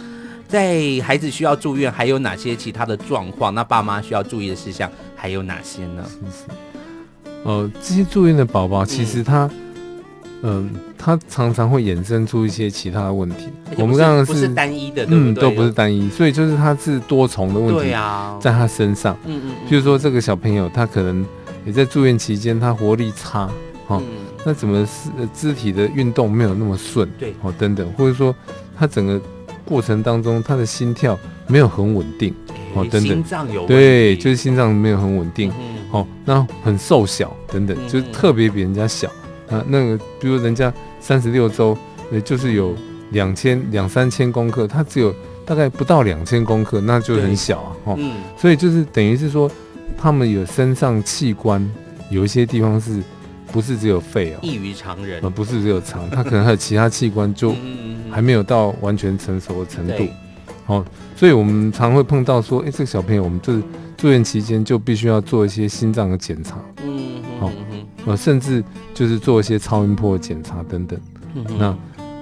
在孩子需要住院，還有哪些其他的狀況？那爸媽需要注意的事項還有哪些呢？ (laughs) 呃，這些住院的寶寶，其實他，嗯、呃，他常常會衍生出一些其他問題。我們剛剛是，不是單一的，對不對？嗯，都不是單一，所以就是他是多重的問題。在他身上，嗯嗯、啊，譬如說這個小朋友，他可能也在住院期間，他活力差，哈、哦，嗯、那怎麼是肢體的運動沒有那麼順？對，哦，等等，或者說他整個過程當中，他的心跳。沒有很穩定哦，等等，對，就是心臟沒有很穩定哦。那很瘦小等等，就是特別比人家小啊。那個，比如人家三十六周，也就是有兩千兩三千公克，他只有大概不到兩千公克，那就很小啊。哦，所以就是等於是說，他們有身上器官有一些地方是，不是只有肺啊，異於常人，呃，不是只有腸，他可能還有其他器官就還沒有到完全成熟的程度。好、哦，所以我們常會碰到說，哎，這個小朋友，我們就是住院期間就必須要做一些心臟的檢查，嗯，嗯，嗯、哦，甚至就是做一些超音波的檢查等等。嗯嗯、那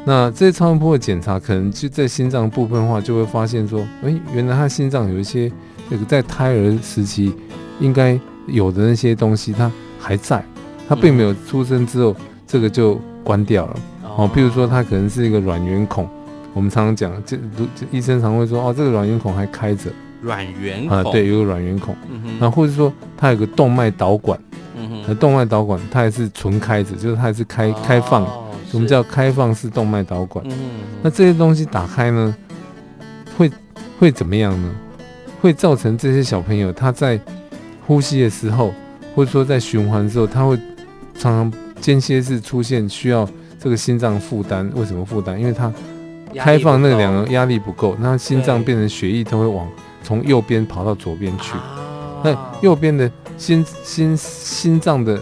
那這些超音波檢查，可能就在心臟的部分的話，就會發現說，哎，原來他心臟有一些那個在胎兒時期應該有的那些東西，他還在，他並沒有出生之後這個就關掉了。嗯嗯、哦，譬如說，他可能是一個卵圓孔。我們常常講，這醫生常會說哦，這個卵圓孔還開着，卵圓孔啊，對，有個卵圓孔，嗯然哼後、啊、或者說它有個動脈導管，嗯哼，動脈導管它還是純開着，就是它還是開開放，哦、我們叫開放式動脈導管，是嗯哼那這些東西打開呢，會會怎麼樣呢？會造成這些小朋友他在呼吸的時候，或者說在循環的時候，他會常常間歇式出現需要這個心臟負擔，為什麼負擔？因為他開放那個兩個壓力不夠，那心臟變成血液，它會往對從右邊跑到左邊去。啊、那右邊的心心心臟的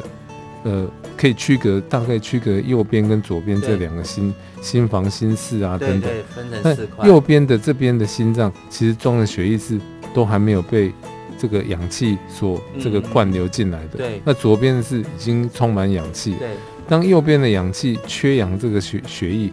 呃，可以區隔大概區隔右邊跟左邊這兩個心對心房心室啊等等。對對分成四塊。那右邊的這邊的心臟其實裝的血液是都還沒有被這個氧氣所這個灌流進來的。嗯、那左邊的是已經充滿氧氣。對當右邊的氧氣缺氧，這個血血液。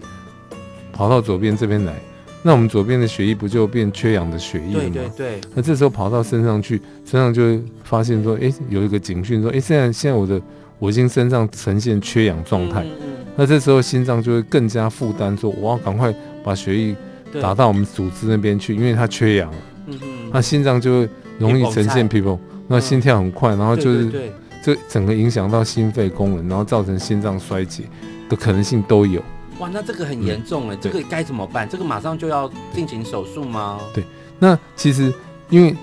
跑到左邊這邊來，那我們左邊的血液不就變缺氧的血液了嗎？對對對。那這時候跑到身上去，身上就會發現說，誒、欸，有一個警訊說，誒、欸，現在現在我的我已經身上呈現缺氧狀態。嗯嗯。那這時候心臟就會更加負擔，說，我要，趕快把血液打到我們組織那邊去，對因為它缺氧了。嗯嗯。那心臟就會容易呈現疲勞。那、嗯、心跳很快，然後就是對對對對就整個影響到心肺功能，然後造成心臟衰竭的可能性都有。哇，那這個很嚴重哎，嗯、這個該怎麼辦？這個馬上就要進行手術嗎？對，那其實因為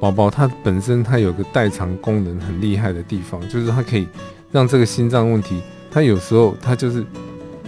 寶寶他本身他有個代償功能很厲害的地方，就是他可以讓這個心臟問題，他有時候他就是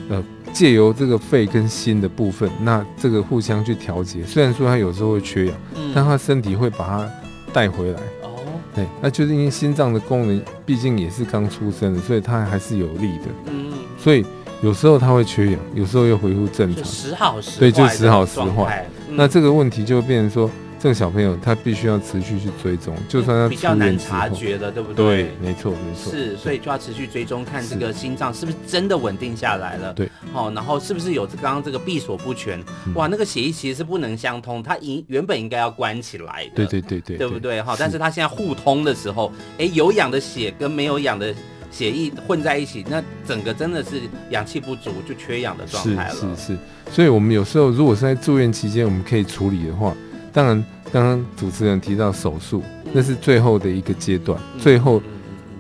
呃借由這個肺跟心的部分，那這個互相去調節。雖然說他有時候會缺氧，嗯、但他身體會把它帶回來。哦，對，那就是因為心臟的功能畢竟也是剛出生的，所以他還是有力的。嗯，所以。有時候他會缺氧，有時候又恢復正常，時好時壞。對，就時好時壞。那這個問題就變成說，這個小朋友他必須要持續去追蹤，就算他比較難察覺的，對不對？對，沒錯，沒錯。是，所以就要持續追蹤，看這個心臟是不是真的穩定下來了。對，好，然後是不是有剛剛這個閉鎖不全？哇，那個血液其實是不能相通，它原本應該要關起來的。對對對對，對不對？好，但是他現在互通的時候，哎，有氧的血跟沒有氧的。血液混在一起，那整個真的是氧氣不足，就缺氧的狀態了。是是是，所以我們有時候如果是在住院期間，我們可以處理的話，當然剛剛主持人提到手術，那是最後的一個階段，最後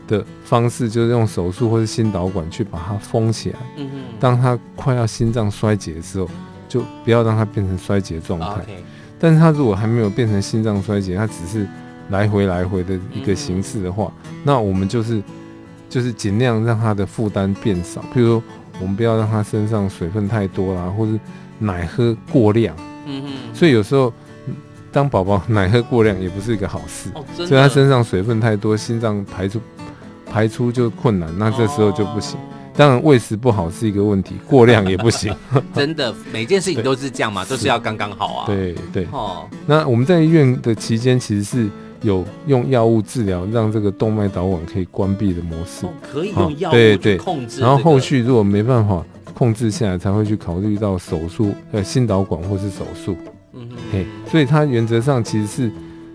的方式就是用手術或是心導管去把它封起來。嗯嗯。當它快要心臟衰竭的時候，就不要讓它變成衰竭狀態。Okay. 但是它如果還沒有變成心臟衰竭，它只是來回來回的一個形式的話，嗯嗯，那我們就是。就是盡量讓他的負擔變少，譬如說，我們不要讓他身上水分太多啦，或是奶喝過量。嗯哼。所以有時候，當寶寶奶喝過量也不是一個好事，哦、所以他身上水分太多，心臟排出排出就困難，那這時候就不行。哦、當然餵食不好是一個問題，過量也不行。 (laughs) 真的，每件事情都是這樣嘛，對都是要剛剛好啊。對對。對哦，那我們在醫院的期間其實是。有用藥物治療，讓這個動脈導管可以關閉的模式，哦、可以用藥物對對控制、這個。然後後續如果沒辦法控制下來，才會去考慮到手術呃心導管或是手術。嗯哼，嘿，hey, 所以它原則上其實是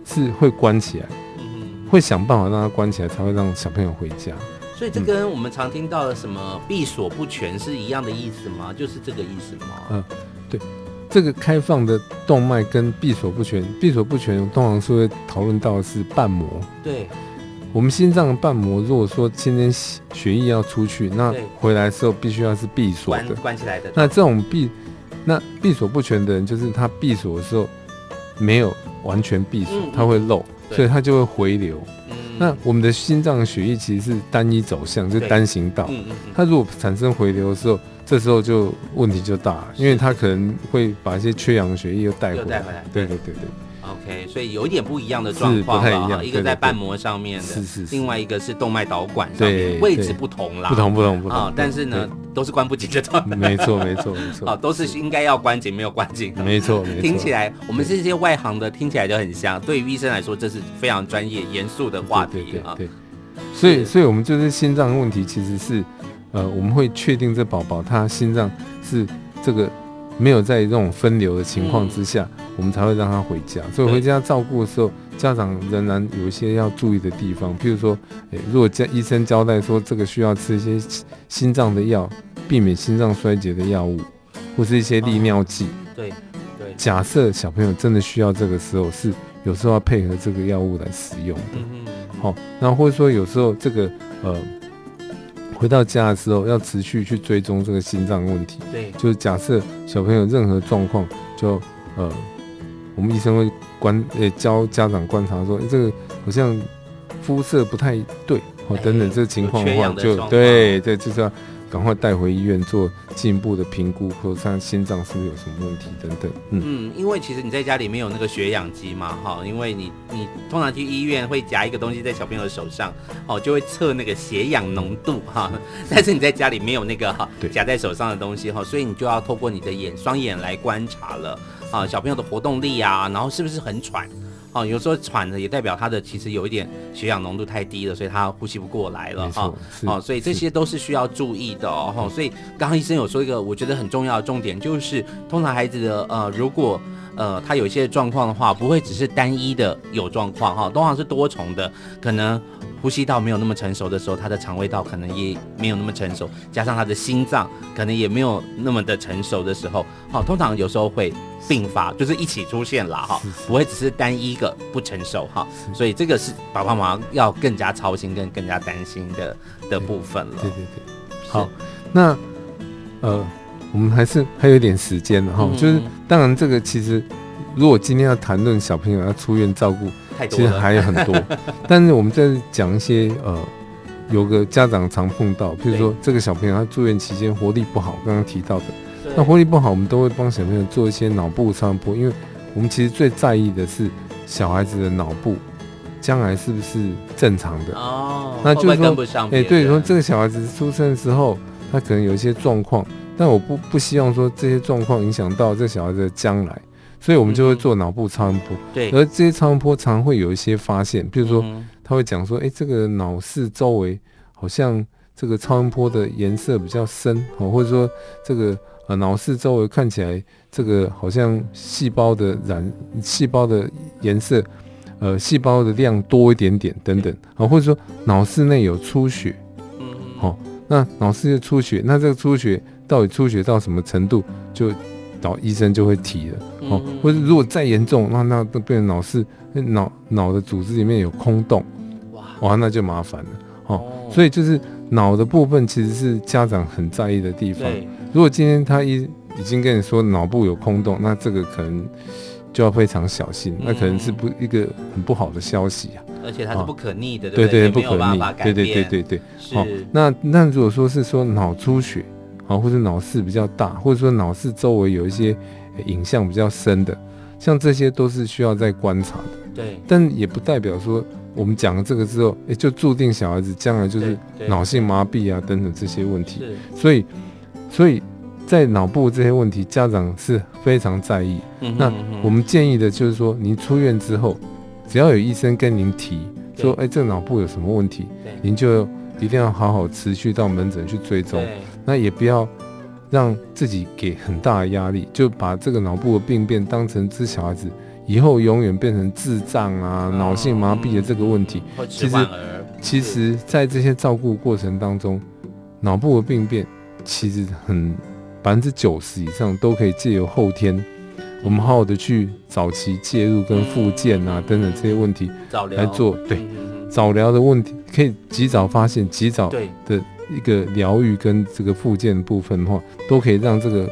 是會關起來，嗯哼，會想辦法讓它關起來，才會讓小朋友回家。所以這跟我們常聽到的什麼閉鎖不全是一樣的意思嗎？就是這個意思嗎？嗯，嗯，對。這個開放的動脈跟閉鎖不全，閉鎖不全，通常是會討論到的是瓣膜。對，我們心臟的瓣膜，如果說今天血液要出去，那回來的時候必須要是閉鎖的關，關起來的。那這種閉，那閉鎖不全的人，就是他閉鎖的時候沒有完全閉鎖，嗯、他會漏。對所以他就會回流。對那我們的心臟血液其實是單一走向，是對單行道。嗯嗯嗯、他如果產生回流的時候，這時候就問題就大了，因為他可能會把一些缺氧的血液又帶回來。對對對對。OK，所以有一點不一樣的狀況。一個在瓣膜上面的，另外一個是動脈導管，對，位置不同啦。不同不同不同。但是呢，都是關不緊的狀態。沒錯沒錯沒錯。啊，都是應該要關緊，沒有關緊。沒錯沒錯。聽起來我們這些外行的聽起來就很像，對於醫生來說，這是非常專業嚴肅的話題啊。對。所以，所以我們就是心臟問題，其實是。呃，我們會確定這寶寶他心臟是這個沒有在這種分流的情況之下，嗯、我們才會讓他回家。所以回家照顧的時候，對家長仍然有一些要注意的地方，譬如說，誒，如果家醫生交代說這個需要吃一些心臟的藥，避免心臟衰竭的藥物，或是一些利尿劑。對、哦、對。對，假設小朋友真的需要這個時候，是有時候要配合這個藥物來使用的。嗯哼嗯哼。好、哦，那或者說有時候這個呃。回到家的時候，要持續去追蹤這個心臟問題。對，就是假設小朋友任何狀況，就呃，我們醫生會觀、欸、教家長觀察說，欸、這個好像膚色不太對，或、哦欸、等等這個情況的話，就對對，就是要、啊。趕快帶回醫院做進一步的評估，或者看心臟是不是有什麼問題等等。嗯，嗯，因為其實你在家裡沒有那個血氧機嘛，哈，因為你你通常去醫院會夾一個東西在小朋友的手上，好就會測那個血氧濃度哈。但是你在家裡沒有那個夾在手上的東西哈，對所以你就要透過你的眼雙眼來觀察了啊，小朋友的活動力啊，然後是不是很喘。哦，有時候喘的也代表他的其實有一點血氧濃度太低了，所以他呼吸不過來了哈。哦，所以這些都是需要注意的哦。是哦，所以剛剛醫生有說一個我覺得很重要的重點就是，通常孩子的呃，如果呃他有一些狀況的話，不會只是單一的有狀況哈，通常是多重的可能。呼吸道沒有那麼成熟的時候，他的腸胃道可能也沒有那麼成熟，加上他的心臟可能也沒有那麼的成熟的時候，好、哦，通常有時候會併發，就是一起出現了哈，哦、是是不會只是單一個不成熟哈，哦、是是所以這個是爸爸媽媽要更加操心、跟更加擔心的的部分了。對對對，對，好，是那呃，我們還是還有一點時間哈、嗯，就是當然這個其實如果今天要談論小朋友要出院照顧。其實還有很多， (laughs) 但是我們在講一些呃，有個家長常碰到，比如說這個小朋友他住院期間活力不好，剛剛提到的，對那活力不好，我們都會幫小朋友做一些腦部超音波，因為我們其實最在意的是小孩子的腦部將來是不是正常的。哦，那就是說，哎，對，的說這個小孩子出生之後，他可能有一些狀況，但我不不希望說這些狀況影響到這小孩子的將來。所以我們就會做腦部超音波，嗯嗯對。而這些超音波常常會有一些發現，譬如說，他會講說，誒、欸，這個腦室周圍好像這個超音波的顏色比較深，哦，或者說這個呃，腦室周圍看起來這個好像細胞的染細胞的顏色，呃，細胞的量多一點點等等，啊、哦，或者說腦室內有出血，好、哦，那腦室的出血，那這個出血到底出血到什麼程度就？到醫生就會提了哦，嗯、或者如果再嚴重，那那都變成腦是腦腦的組織裡面有空洞，哇，哇那就麻煩了哦，哦。所以就是腦的部分其實是家長很在意的地方。對如果今天他一已經跟你說腦部有空洞，那這個可能就要非常小心，嗯、那可能是不一個很不好的消息啊。而且它是不可逆的，哦、對，對對，不可逆對對對對對。好是、哦，那那如果說是說腦出血。啊，或者腦室比較大，或者說腦室周圍有一些影像比較深的，像這些都是需要再觀察的。對，但也不代表說我們講了這個之後，誒、欸，就注定小孩子將來就是腦性麻痹啊等等這些問題。所以，所以在腦部這些問題，家長是非常在意。是那我們建議的就是說，您出院之後，只要有醫生跟您提說，誒對、欸，這個腦部有什麼問題，您對就。一定要好好持續到門診去追蹤，對那也不要讓自己給很大的壓力，就把這個腦部的病變當成這小孩子以後永遠變成智障啊、哦、腦性麻痹的這個問題。嗯嗯、其實，是其實在這些照顧過程當中，腦部的病變其實很百分之九十以上都可以借由後天我們好好的去早期介入跟復健啊等等這些問題來做，留對。早療的問題可以及早發現，及早的一個療癒跟這個復健的部分的話，都可以讓這個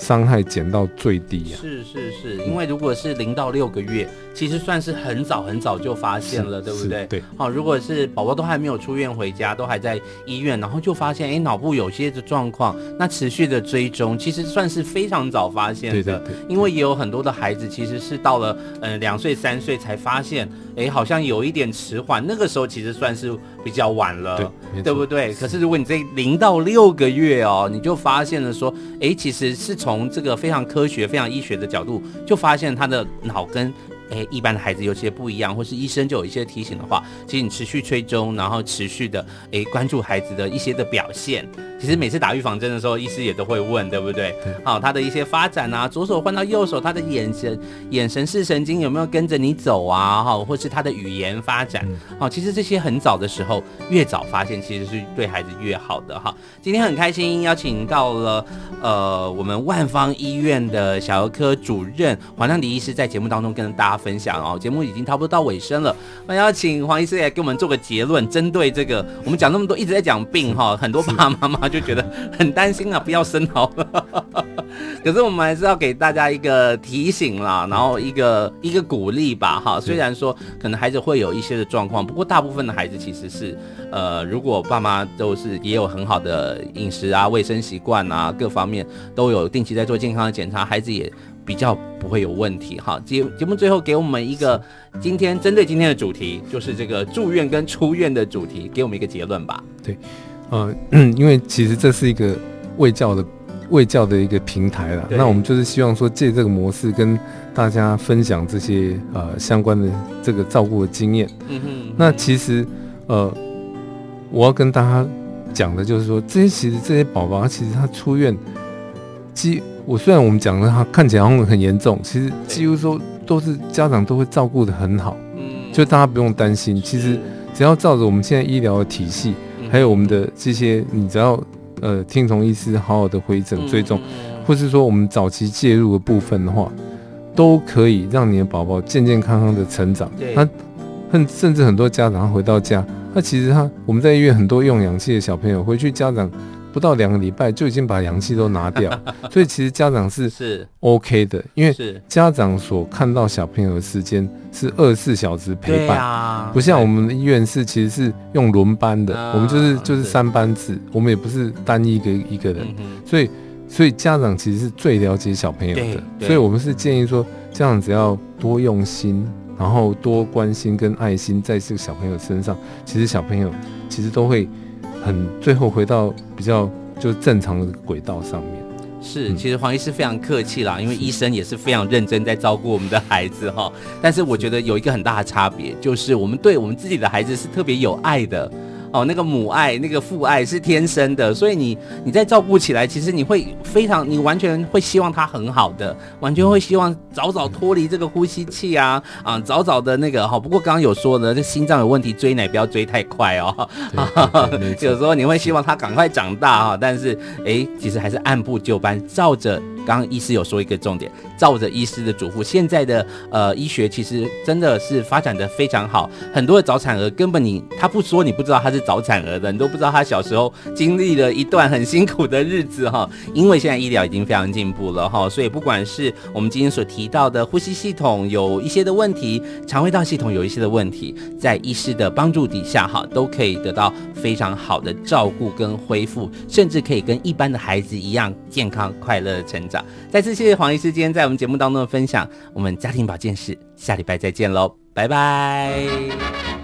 傷害減到最低啊。是是是，因為如果是零到六個月。其實算是很早很早就發現了，是對不對？對，好、哦，如果是寶寶都還沒有出院回家，都還在醫院，然後就發現，哎，腦部有些的狀況，那持續的追蹤，其實算是非常早發現的。對的，因為也有很多的孩子其實是到了嗯、呃，兩歲三歲才發現，哎，好像有一點遲緩，那個時候其實算是比較晚了，對，對不對？是，可是如果你在零到六個月哦，你就發現了說，哎，其實是從這個非常科學、非常醫學的角度，就發現他的腦根。哎，一般的孩子有些不一樣，或是醫生就有一些提醒的話，其實你持續追蹤，然後持續的誒，關注孩子的一些的表現。其實每次打預防針的時候，醫師也都會問，對不對？好、嗯，他的一些發展啊，左手換到右手，他的眼神、眼神視神經有沒有跟着你走啊？哈，或是他的語言發展？好、嗯，其實這些很早的時候，越早發現，其實是對孩子越好的哈。今天很開心邀請到了呃，我們萬芳醫院的小兒科主任黃亮迪醫師在節目當中跟大家。分享哦，節目已經差不多到尾聲了，那要請黃醫師也給我們做個結論，針對這個，我們講那麼多一直在講病哈、哦，很多爸爸媽媽就覺得很擔心啊，不要生好了。 (laughs) 可是我們還是要給大家一個提醒啦，然後一個一個鼓勵吧哈。雖然說可能孩子會有一些的狀況，不過大部分的孩子其實是，呃，如果爸媽都是也有很好的飲食啊、衛生習慣啊，各方面都有定期在做健康的檢查，孩子也。比較不會有問題，好節節目最後給我們一個今天針對今天的主題，就是這個住院跟出院的主題，給我們一個結論吧。對，呃，因為其實這是一個衛教的衛教的一個平台了，對那我們就是希望說借這個模式跟大家分享這些呃相關的這個照顧的經驗。嗯哼，嗯哼。那其實呃，我要跟大家講的就是說，這些其實這些寶寶，其實他出院基。我雖然我們講的他看起來會很嚴重，其實幾乎說都是家長都會照顧得很好，嗯，就大家不用擔心。其實只要照着我們現在醫療的體系，還有我們的這些，你只要呃聽從醫師好好的回診追蹤，或是說我們早期介入的部分的話，都可以讓你的寶寶健健康康的成長。他甚甚至很多家長他回到家，那其實他我們在醫院很多用氧氣的小朋友回去家長。不到兩個禮拜就已經把氧氣都拿掉，所以其實家長是是 OK 的，因為是家長所看到小朋友的時間是二十四小時陪伴，不像我們的醫院是其實是用輪班的，我們就是就是三班制，我們也不是單一個一個人，所以所以家長其實是最了解小朋友的，所以我們是建議說家長只要多用心，然後多關心跟愛心在這個小朋友身上，其實小朋友其實都會。很，最後回到比較就正常的軌道上面。是，嗯、其實黃醫師非常客氣啦，因為醫生也是非常認真在照顧我們的孩子哈。是，但是我覺得有一個很大的差別，就是我們對我們自己的孩子是特別有愛的。哦，那個母愛，那個父愛是天生的，所以你你再照顧起來，其實你會非常，你完全會希望他很好的，完全會希望早早脫離這個呼吸器啊啊，早早的那個哈、哦。不過剛剛有說的，這心臟有問題，追奶不要追太快哦。有時候你會希望他趕快長大哈，但是誒，其實還是按部就班，照着。剛剛醫師有說一個重點，照着醫師的囑咐，現在的呃醫學其實真的是發展得非常好，很多的早產兒根本你他不說你不知道他是早產兒的，你都不知道他小時候經歷了一段很辛苦的日子哈。因為現在醫療已經非常進步了哈，所以不管是我們今天所提到的呼吸系統有一些的問題，腸胃道系統有一些的問題，在醫師的幫助底下哈，都可以得到非常好的照顧跟恢復，甚至可以跟一般的孩子一樣健康快樂的成長。再次謝謝黃醫師今天在我們節目當中的分享，我們家庭保健室下禮拜再見嘍，拜拜。